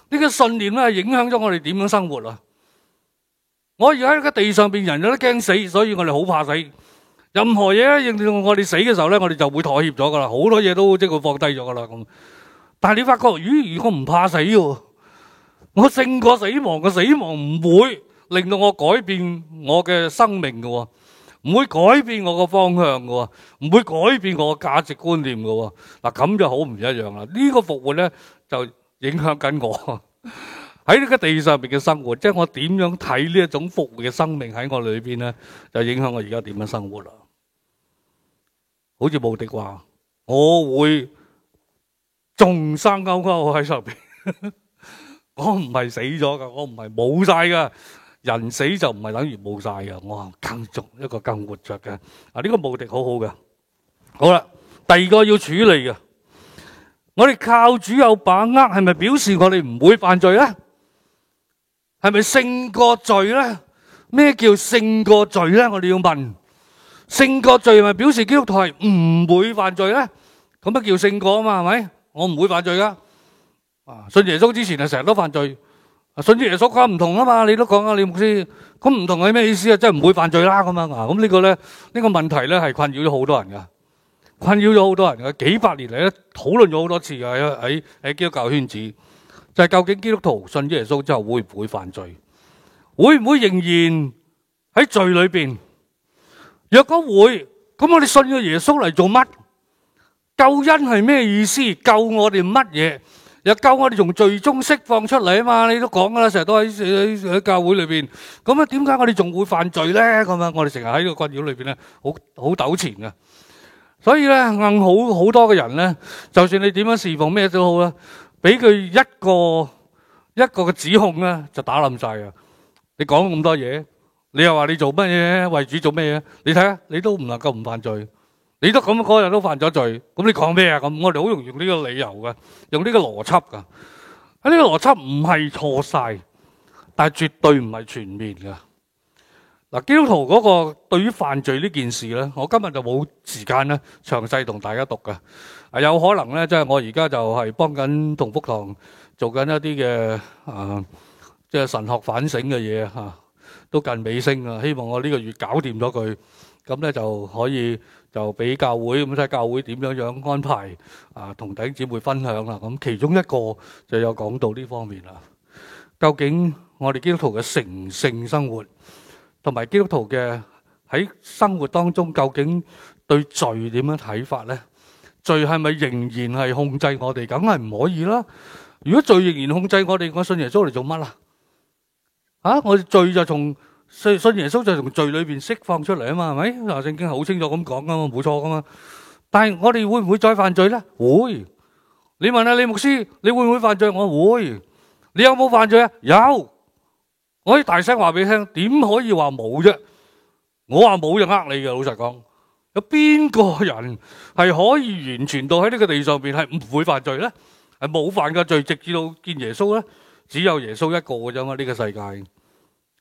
呢個信念咧影響咗我哋點樣生活啊！我而家喺個地上邊，人人都驚死，所以我哋好怕死。任何嘢咧，我哋死嘅時候咧，我哋就會妥協咗噶啦，好多嘢都即係會放低咗噶啦。咁，但係你發覺，咦？如果唔怕死？我勝過死亡，個死亡唔會令到我改變我嘅生命噶，唔會改變我個方向噶，唔會改變我個價值觀念噶。嗱，咁就好唔一樣啦。這個、復呢個復活咧就影響緊我喺呢 個地上面嘅生活，即、就、係、是、我點樣睇呢一種復活嘅生命喺我裏邊咧，就影響我而家點樣生活啦。好似冇敵啩，我會仲生勾勾喺上邊。 我唔係死咗噶，我唔係冇晒噶。人死就唔係等於冇晒噶，我係更足一個更活着嘅。啊，呢、這個目的好好嘅。好啦，第二個要處理嘅，我哋靠主有把握，係咪表示我哋唔會犯罪咧？係咪勝過罪咧？咩叫勝過罪咧？我哋要問勝過罪，係咪表示基督徒係唔會犯罪咧？咁乜叫勝過啊？嘛係咪？我唔會犯罪噶。啊！信耶穌之前啊，成日都犯罪。啊，信耶穌咁唔同啊嘛，你都講啊，你唔知咁唔同係咩意思啊？即係唔會犯罪啦咁樣啊！咁呢個咧，呢個問題咧係困擾咗好多人噶，困擾咗好多人噶，幾百年嚟咧討論咗好多次嘅喺喺基督教圈子，就係究竟基督徒信耶穌之後會唔會犯罪？會唔會仍然喺罪裏邊？若果會，咁我哋信咗耶穌嚟做乜？救恩係咩意思？救我哋乜嘢？有救我哋從最終釋放出嚟啊嘛！你都講噶啦，成日都喺喺教會裏邊，咁啊點解我哋仲會犯罪咧？咁啊，我哋成日喺個困擾裏邊咧，好好糾纏噶。所以咧，硬好好多嘅人咧，就算你點樣釋奉咩都好啦，俾佢一個一個嘅指控咧，就打冧晒噶。你講咁多嘢，你又話你做乜嘢為主？做乜嘢？你睇下，你都唔能夠唔犯罪。你都咁嗰日都犯咗罪，咁你講咩啊？咁我哋好容易用呢個理由噶，用呢個邏輯噶。啊，呢個邏輯唔係錯晒，但係絕對唔係全面噶。嗱，基督徒嗰個對於犯罪呢件事咧，我今日就冇時間咧，詳細同大家讀噶。啊，有可能咧，即係我而家就係幫緊同福堂做緊一啲嘅，啊，即係神學反省嘅嘢吓，都近尾聲啊。希望我呢個月搞掂咗佢，咁咧就可以。就俾教會咁睇，教會點樣樣安排啊？同弟兄姊妹分享啦。咁其中一個就有講到呢方面啦。究竟我哋基督徒嘅成聖生活，同埋基督徒嘅喺生活當中，究竟對罪點樣睇法咧？罪係咪仍然係控制我哋？梗係唔可以啦！如果罪仍然控制我哋，我信耶穌嚟做乜啊？啊！我哋罪就從信信耶穌就從罪裏邊釋放出嚟啊嘛，係咪？聖經好清楚咁講噶嘛，冇錯噶嘛。但係我哋會唔會再犯罪咧？會。你問下李牧師，你會唔會犯罪？我會。你有冇犯罪啊？有。我可以大聲話俾你聽，點可以話冇啫？我話冇就呃你嘅，老實講。有邊個人係可以完全到喺呢個地上邊係唔會犯罪咧？係冇犯嘅罪，直至到見耶穌咧，只有耶穌一個嘅啫嘛，呢個世界。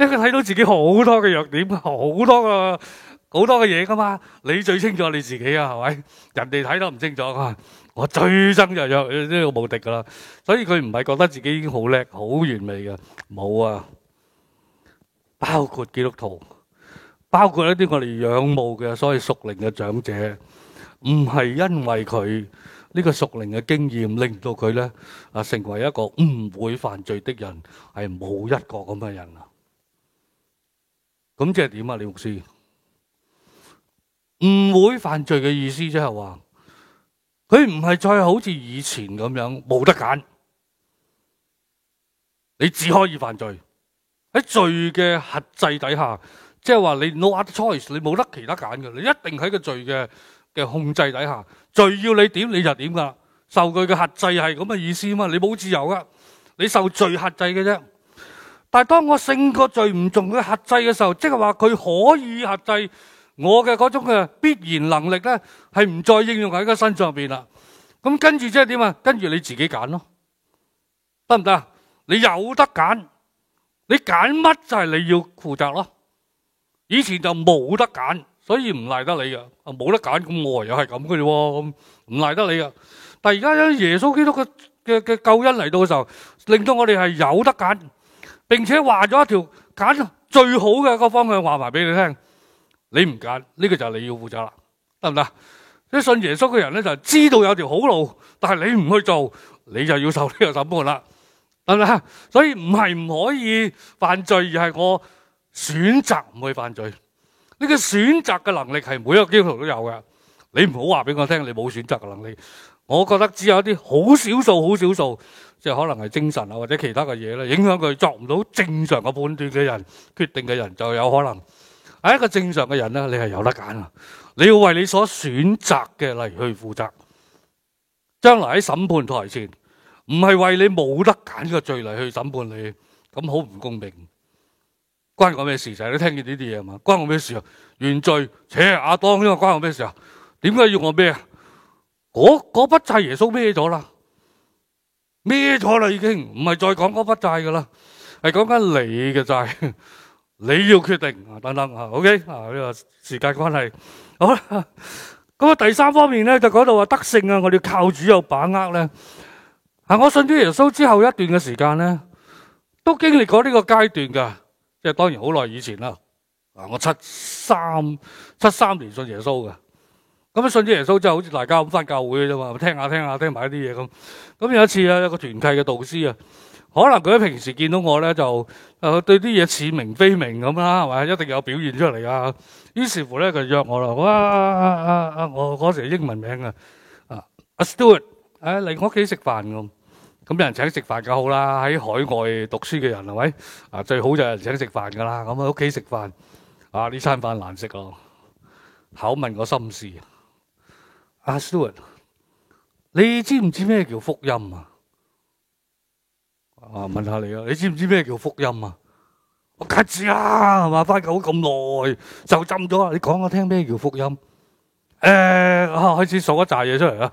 因佢睇到自己好多嘅弱點，好多啊好多嘅嘢噶嘛，你最清楚你自己啊，係咪？人哋睇都唔清楚啊！我最憎就弱，呢個無敵噶啦。所以佢唔係覺得自己已經好叻、好完美嘅，冇啊。包括基督徒，包括一啲我哋仰慕嘅，所謂屬靈嘅長者，唔係因為佢呢個屬靈嘅經驗令到佢咧啊成為一個唔會犯罪的人，係冇一個咁嘅人啊！咁即係點啊，李牧師？唔會犯罪嘅意思即係話，佢唔係再好似以前咁樣冇得揀，你只可以犯罪喺罪嘅轄制底下，即係話你 no other choice，你冇得其他揀嘅，你一定喺個罪嘅嘅控制底下，罪要你點你就點噶，受佢嘅轄制係咁嘅意思啊嘛，你冇自由噶，你受罪轄制嘅啫。但係，當我勝過罪唔仲佢轄制嘅時候，即係話佢可以轄制我嘅嗰種嘅必然能力咧，係唔再應用喺佢身上邊啦。咁跟住即係點啊？跟住你自己揀咯，得唔得啊？你有得揀，你揀乜就係你要負責咯。以前就冇得揀，所以唔賴得你嘅啊，冇得揀咁我又係咁嘅咯，唔賴得你嘅。但係而家有耶穌基督嘅嘅救恩嚟到嘅時候，令到我哋係有得揀。並且話咗一條揀最好嘅一個方向話埋俾你聽，你唔揀呢個就係你要負責啦，得唔得？即信耶穌嘅人咧，就知道有條好路，但係你唔去做，你就要受呢個審判啦，得唔得？所以唔係唔可以犯罪，而係我選擇唔去犯罪。呢個選擇嘅能力係每一個基督徒都有嘅，你唔好話俾我聽你冇選擇嘅能力。我覺得只有一啲好少數、好少數，即係可能係精神啊或者其他嘅嘢咧，影響佢作唔到正常嘅判斷嘅人，決定嘅人就有可能係、哎、一個正常嘅人咧，你係有得揀啊！你要為你所選擇嘅嚟去負責，將來喺審判台前，唔係為你冇得揀嘅罪嚟去審判你，咁好唔公平，關我咩事？就係你聽見呢啲嘢嘛，關我咩事啊？原罪，扯阿、啊、當呢個關我咩事啊？點解要我咩啊？嗰嗰筆債耶穌孭咗啦，孭咗啦已經，唔係再講嗰筆債噶啦，係講緊你嘅債， 你要決定等等啊，OK 啊，呢個時間關係，好啦，咁啊、嗯、第三方面咧就講到話得勝，啊我哋靠主有把握咧。啊，我信咗耶穌之後一段嘅時間咧，都經歷過呢個階段噶，即係當然好耐以前啦。嗱，我七三七三年信耶穌噶。咁信耶穌之後好似大家咁翻教會嘅啫嘛，聽下聽下，聽埋啲嘢咁。咁、嗯、有一次啊，一個團契嘅導師啊，可能佢喺平時見到我咧就誒對啲嘢似明非明咁啦，係咪？一定有表現出嚟啊。於是乎咧，佢約我啦。哇啊啊啊！我嗰時英文名啊，啊，阿 Stuart 誒嚟我屋企食飯咁。咁人請食飯就好啦，喺海外讀書嘅人係咪？啊，最好就係請食飯噶啦。咁喺屋企食飯啊，呢、啊啊啊啊啊，餐飯難食咯，啊，考問我心事。阿 Stuart，你知唔知咩叫福音啊？啊，問下你啊，你知唔知咩叫福音啊？我 get 住啦，話翻嚟咁耐就浸咗。你講我聽咩叫福音？誒，啊、開始數一紮嘢出嚟啦，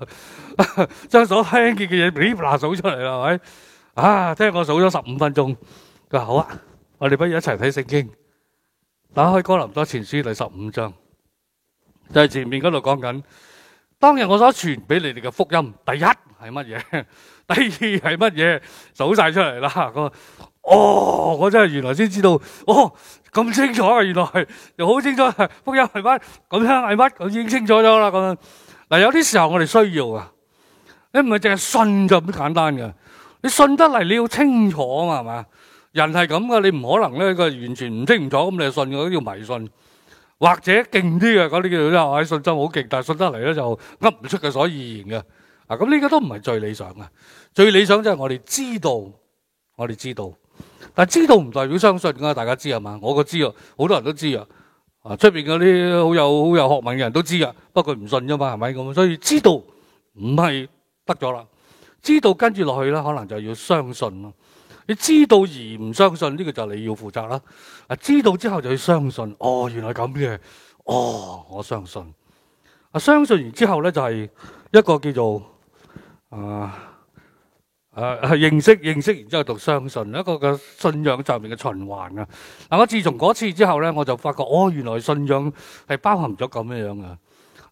將所聽見嘅嘢噼啪數出嚟啦，係咪？啊，聽我數咗十五分鐘。佢話好啊，我哋不如一齊睇聖經，打開《哥林多前書》第十五章，就係、是、前面嗰度講緊。當日我所傳俾你哋嘅福音，第一係乜嘢？第二係乜嘢？數晒出嚟啦！個哦，我真係原來先知道哦，咁清楚啊！原來！又好清楚！福音係乜？咁樣係乜？已經清楚咗啦！咁嗱，有啲時候我哋需要啊，你唔係淨係信就咁簡單嘅，你信得嚟你要清楚啊嘛，係嘛？人係咁嘅，你唔可能咧，佢完全唔清楚咁你信，嗰叫迷信。或者勁啲嘅嗰啲叫做咧，信心好勁，但係信得嚟咧就噏唔出嘅所以然嘅。啊，咁呢個都唔係最理想嘅。最理想就係我哋知道，我哋知道，但係知道唔代表相信㗎。大家知係嘛？我個知啊，好多人都知啊。啊，出邊嗰啲好有好有學問嘅人都知噶，不過唔信啫嘛，係咪咁？所以知道唔係得咗啦，知道跟住落去啦，可能就要相信咯。你知道而唔相信呢個就係你要負責啦。知道之後就要相信，哦，原來咁嘅，哦，我相信。啊，相信完之後咧就係一個叫做啊，誒係認識認識，然之後到相信一個嘅信仰上面嘅循環啊。嗱，我自從嗰次之後咧，我就發覺，哦，原來信仰係包含咗咁樣樣嘅。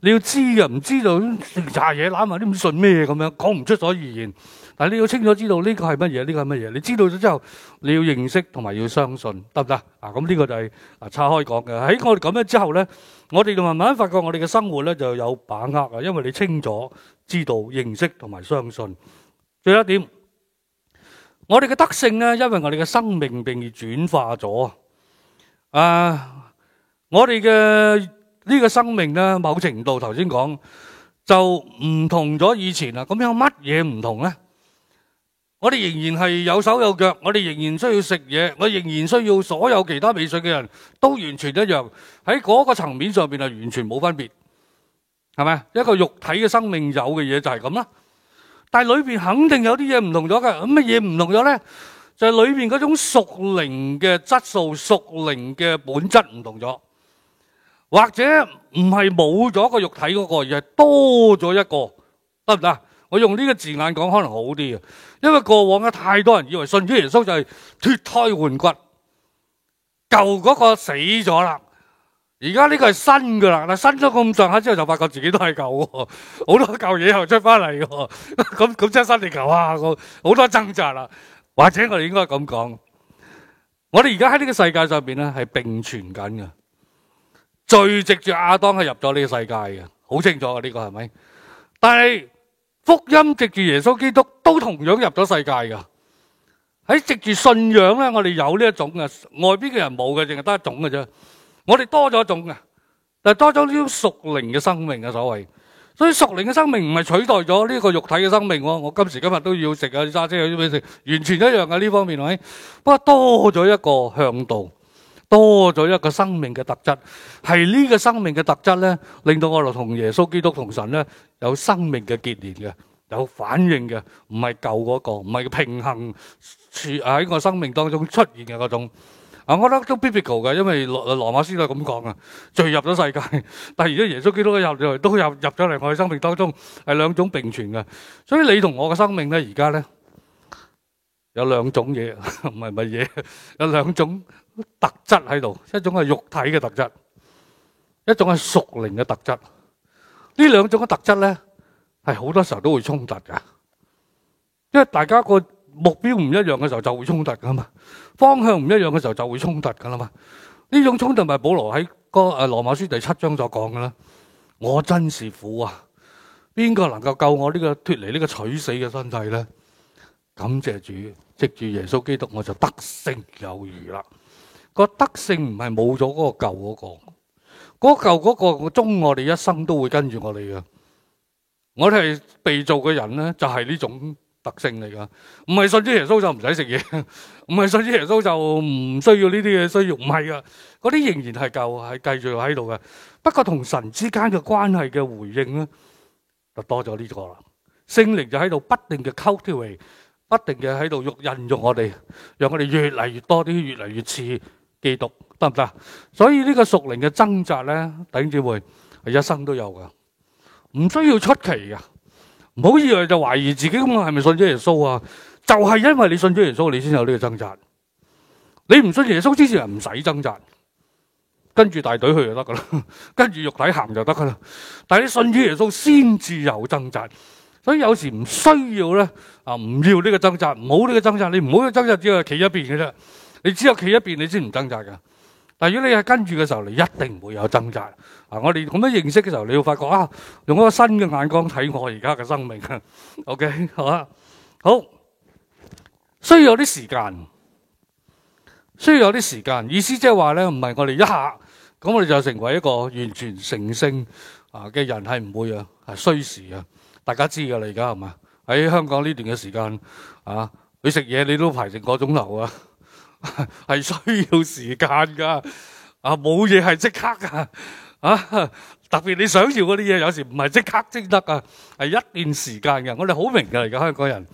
你要知啊，唔知道食茶嘢攬埋啲唔信咩咁樣，講唔出所以然。但係你要清楚知道呢個係乜嘢，呢個係乜嘢。你知道咗之後，你要認識同埋要相信，得唔得？啊，咁呢個就係啊，岔開講嘅。喺我哋咁樣之後咧，我哋就慢慢發覺我哋嘅生活咧就有把握啦，因為你清楚知道認識同埋相信。最後一點，我哋嘅德性咧，因為我哋嘅生命並而轉化咗啊！我哋嘅呢個生命咧，某程度頭先講就唔同咗以前啦。咁有乜嘢唔同咧？我哋仍然係有手有腳，我哋仍然需要食嘢，我仍然需要所有其他美術嘅人都完全一樣，喺嗰個層面上邊係完全冇分別，係咪？一個肉體嘅生命有嘅嘢就係咁啦，但係裏邊肯定有啲嘢唔同咗嘅，噉乜嘢唔同咗呢？就係裏邊嗰種屬靈嘅質素、屬靈嘅本質唔同咗，或者唔係冇咗個肉體嗰個，而係多咗一個，得唔得？我用呢個字眼講可能好啲啊，因為過往咧太多人以為信主耶穌就係脫胎換骨，舊嗰個死咗啦，而家呢個係新嘅啦，但新咗咁上下之後就發覺自己都係舊，好多舊嘢又出翻嚟，咁咁即係新地球啊，好多掙扎啦，或者我哋應該咁講，我哋而家喺呢個世界上邊咧係並存緊嘅，罪藉住，亞當係入咗呢個世界嘅，好清楚啊，呢個係咪？但係。福音藉住耶穌基督都同樣入咗世界噶，喺藉住信仰咧，我哋有呢一種嘅外邊嘅人冇嘅，淨係得一種嘅啫。我哋多咗一種嘅，但係多咗呢種屬靈嘅生命啊，所謂。所以屬靈嘅生命唔係取代咗呢個肉體嘅生命，我今時今日都要食啊，揸車啊，啲咩食，完全一樣嘅呢方面係，不過多咗一個向導。多咗一個生命嘅特質，係呢個生命嘅特質咧，令到我同耶穌基督同神咧有生命嘅結連嘅，有反應嘅，唔係舊嗰個，唔係平衡處喺我生命當中出現嘅嗰種。啊，我覺得都 biblical 嘅，因為羅羅馬書都係咁講啊，罪入咗世界，但係如果耶穌基督入嚟都入入咗嚟我嘅生命當中，係兩種並存嘅。所以你同我嘅生命咧，而家咧有兩種嘢，唔係乜嘢，有兩種。特質喺度，一種係肉體嘅特質，一種係屬靈嘅特質。呢兩種嘅特質咧，係好多時候都會衝突噶因為大家個目標唔一樣嘅時候就會衝突噶嘛，方向唔一樣嘅時候就會衝突噶啦嘛。呢種衝突咪保羅喺個誒羅馬書第七章所講嘅啦。我真是苦啊！邊個能夠救我呢個脱離呢個取死嘅身體咧？感謝主，藉住耶穌基督，我就得勝有餘啦。個德性唔係冇咗嗰個舊嗰個，嗰舊嗰個，終我我哋一生都會跟住我哋嘅。我哋係被造嘅人咧就係、是、呢種特性嚟噶，唔係信主耶穌就唔使食嘢，唔係信主耶穌就唔需要呢啲嘢，需要米啊，嗰啲仍然係舊係繼續喺度嘅。不過同神之間嘅關係嘅回應咧，就多咗呢個啦。聖靈就喺度不定嘅溝通，不定嘅喺度喐人喐我哋，讓我哋越嚟越多啲，越嚟越似。基督得唔得？所以呢個屬靈嘅掙扎咧，頂住會係一生都有噶，唔需要出奇噶。唔好以為就懷疑自己咁啊，係咪信咗耶穌啊？就係因為你信咗耶穌，你先有呢個掙扎。你唔信耶穌之前唔使掙扎，跟住大隊去就得噶啦，跟住肉體行就得噶啦。但係你信咗耶穌先至有掙扎，所以有時唔需要咧啊，唔要呢個掙扎，唔好呢個掙扎，你唔好去掙扎，只係企一邊嘅啫。你只有企一邊，你先唔掙扎噶。但如果你係跟住嘅時候，你一定會有掙扎。嗱、啊，我哋咁樣認識嘅時候，你要發覺啊，用一個新嘅眼光睇我而家嘅生命。 OK，好啊，好，需要有啲時間，需要有啲時間。意思即係話咧，唔係我哋一下咁，我哋就成為一個完全成聖啊嘅人，係唔會啊，係需時啊。大家知噶啦，而家係嘛？喺香港呢段嘅時間啊，你食嘢你都排成個鐘頭啊！係 需要時間噶，啊冇嘢係即刻噶，啊特別你想要嗰啲嘢，有時唔係即刻即得噶，係一段時間嘅。我哋好明噶，而家香港人，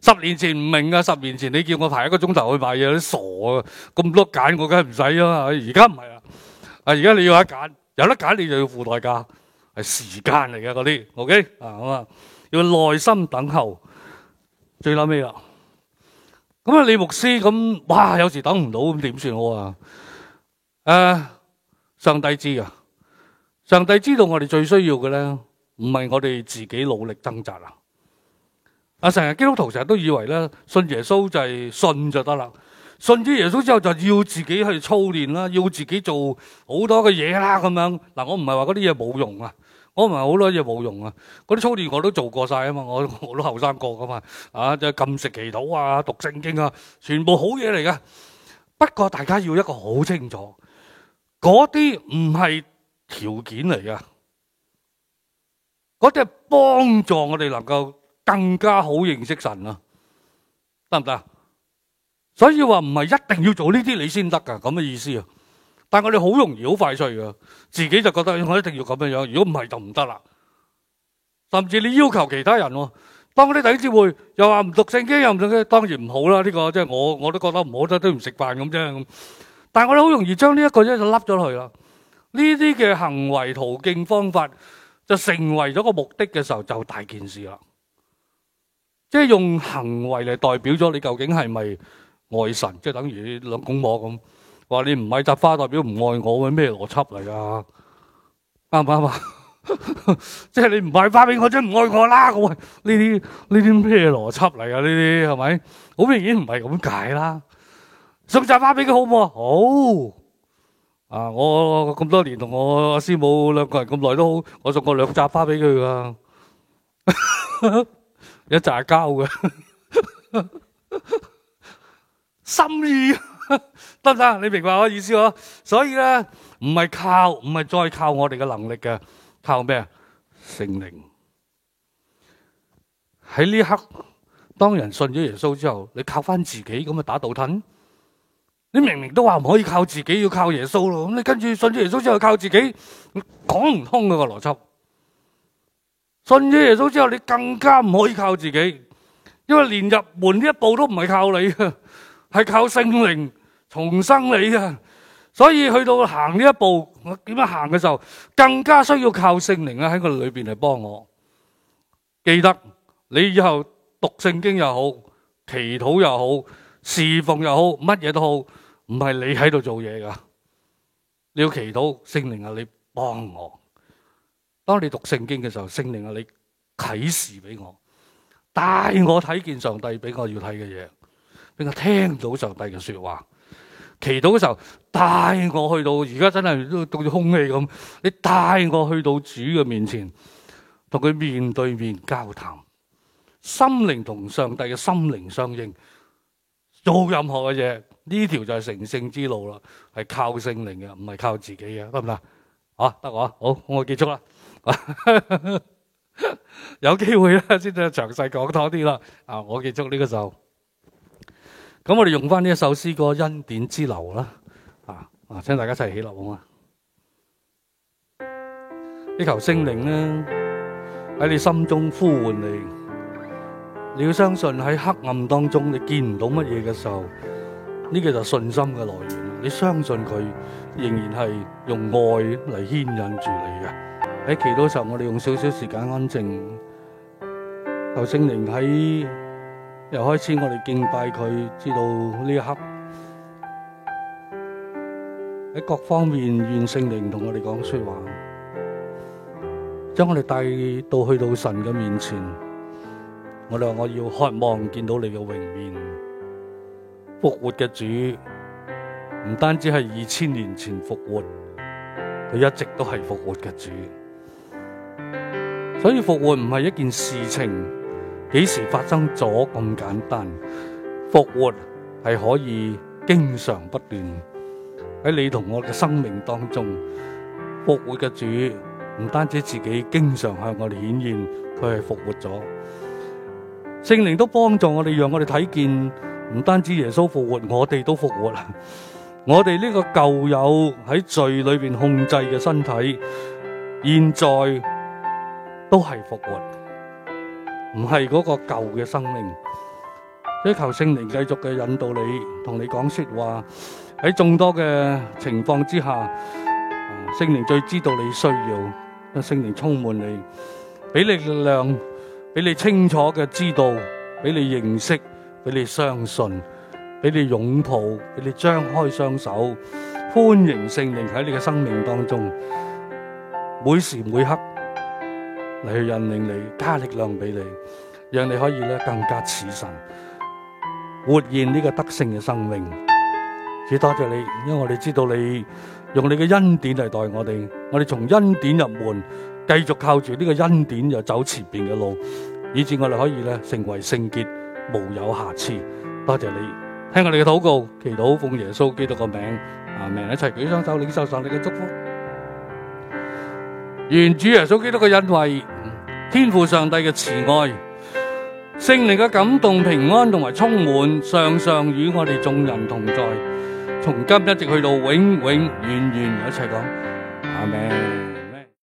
十年前唔明噶，十年前你叫我排一個鐘頭去買嘢，你傻啊，咁多揀我梗係唔使啦。而家唔係啊，啊而家你要一揀，有得揀你就要付代價，係時間嚟嘅嗰啲。OK 啊，好啊，要耐心等候。最諗咩啊？咁啊，李牧師咁，哇，有時等唔到咁點算好啊？誒，上帝知啊，上帝知道，上帝知道我哋最需要嘅咧，唔係我哋自己努力掙扎啊！啊，成日基督徒成日都以為咧，信耶穌就係信就得啦，信咗耶穌之後就要自己去操練啦，要自己做好多嘅嘢啦，咁樣嗱，啊，我唔係話嗰啲嘢冇用啊。我唔係好多嘢，冇用啊！嗰啲操練我都做過晒啊嘛，我我都後生過噶嘛啊！即係禁食祈禱啊，讀聖經啊，全部好嘢嚟噶。不過大家要一個好清楚，嗰啲唔係條件嚟噶，嗰啲係幫助我哋能夠更加好認識神啊，得唔得？所以話唔係一定要做呢啲你先得噶，咁嘅意思啊。但係我哋好容易好快脆嘅，自己就覺得我一定要咁樣樣，如果唔係就唔得啦。甚至你要求其他人，當嗰啲弟兄會又話唔讀聖經又唔讀經，當然唔好啦。呢個即係我我都覺得唔好得，都唔食飯咁啫。但係我哋好容易將呢一個嘢就笠咗佢啦。呢啲嘅行為途徑方法就成為咗個目的嘅時候，就大件事啦。即係用行為嚟代表咗你究竟係咪愛神，即係等於兩公婆咁。話你唔買扎花代表唔愛我咩？邏輯嚟噶？啱唔啱啊？ 即係你唔買花俾我，即、就、唔、是、愛我啦？喂，呢啲呢啲咩邏輯嚟啊？呢啲係咪？好明顯唔係咁解啦。送扎花俾佢好唔好好啊！我咁多年同我師母兩個人咁耐都好，我送過兩扎花俾佢噶， 一扎膠嘅心意。得唔得？你明白我意思嗬？所以咧，唔係靠，唔係再靠我哋嘅能力嘅，靠咩啊？聖靈。喺呢一刻，當人信咗耶穌之後，你靠翻自己咁啊打倒褪？你明明都話唔可以靠自己，要靠耶穌咯。咁你跟住信咗耶穌之後靠自己，講唔通嗰個邏輯。信咗耶穌之後，你更加唔可以靠自己，因為連入門呢一步都唔係靠你，係靠聖靈。重生你啊，所以去到行呢一步，我點樣行嘅時候，更加需要靠聖靈啊喺個裏邊嚟幫我。記得你以後讀聖經又好，祈禱又好，侍奉又好，乜嘢都好，唔係你喺度做嘢噶。你要祈禱聖靈啊，你幫我。當你讀聖經嘅時候，聖靈啊，你啟示俾我，帶我睇見上帝俾我要睇嘅嘢，俾我聽到上帝嘅說話。祈禱嘅時候，帶我去到而家真係都到似空氣咁。你帶我去到主嘅面前，同佢面對面交談，心靈同上帝嘅心靈相應。做任何嘅嘢，呢條就係成聖之路啦，係靠聖靈嘅，唔係靠自己嘅，得唔得啊？得喎，好，我結束啦。 有機會啦，先再詳細講多啲啦。啊，我結束呢個時候。咁我哋用翻呢一首詩歌「恩典之流」啦，啊啊，請大家一齊起，起立好嗎？ 求聖呢求聖靈咧喺你心中呼喚你，你要相信喺黑暗當中你見唔到乜嘢嘅時候，呢個就信心嘅來源。你相信佢仍然係用愛嚟牽引住你嘅。喺祈禱時候，我哋用少少時間安靜，求聖靈喺。又開始我哋敬拜佢，知道呢一刻喺各方面，願聖靈同我哋講說話，將我哋帶到去到神嘅面前。我哋話我要渴望見到你嘅榮面。復活嘅主唔單止係二千年前復活，佢一直都係復活嘅主。所以復活唔係一件事情。幾時發生咗咁簡單？復活係可以經常不斷。喺你同我嘅生命當中，復活嘅主唔單止自己經常向我哋顯現，佢係復活咗。聖靈都幫助我哋，讓我哋睇見：唔單止耶穌復活，我哋都復活啦。我哋呢個舊有喺罪裏邊控制嘅身體，現在都係復活。唔係嗰個舊嘅生命，追求聖靈繼續嘅引導你，同你講說話。喺眾多嘅情況之下，聖靈最知道你需要，因聖靈充滿你，俾力量，俾你清楚嘅知道，俾你認識，俾你相信，俾你擁抱，俾你張開雙手，歡迎聖靈喺你嘅生命當中，每時每刻。嚟去引領你，加力量俾你，讓你可以咧更加似神，活現呢個得勝嘅生命。亦多謝你，因為我哋知道你用你嘅恩典嚟待我哋，我哋從恩典入門，繼續靠住呢個恩典就走前邊嘅路，以致我哋可以咧成為聖潔，無有瑕疵。多謝你，聽我哋嘅禱告，祈禱奉耶穌基督嘅名，阿、啊、明，一齊舉雙手領受上你嘅祝福。願主耶穌基督嘅恩惠。天父上帝嘅慈愛、聖靈嘅感動、平安同埋充滿，常常與我哋眾人同在，從今一直去到永永遠遠，一齊講阿門。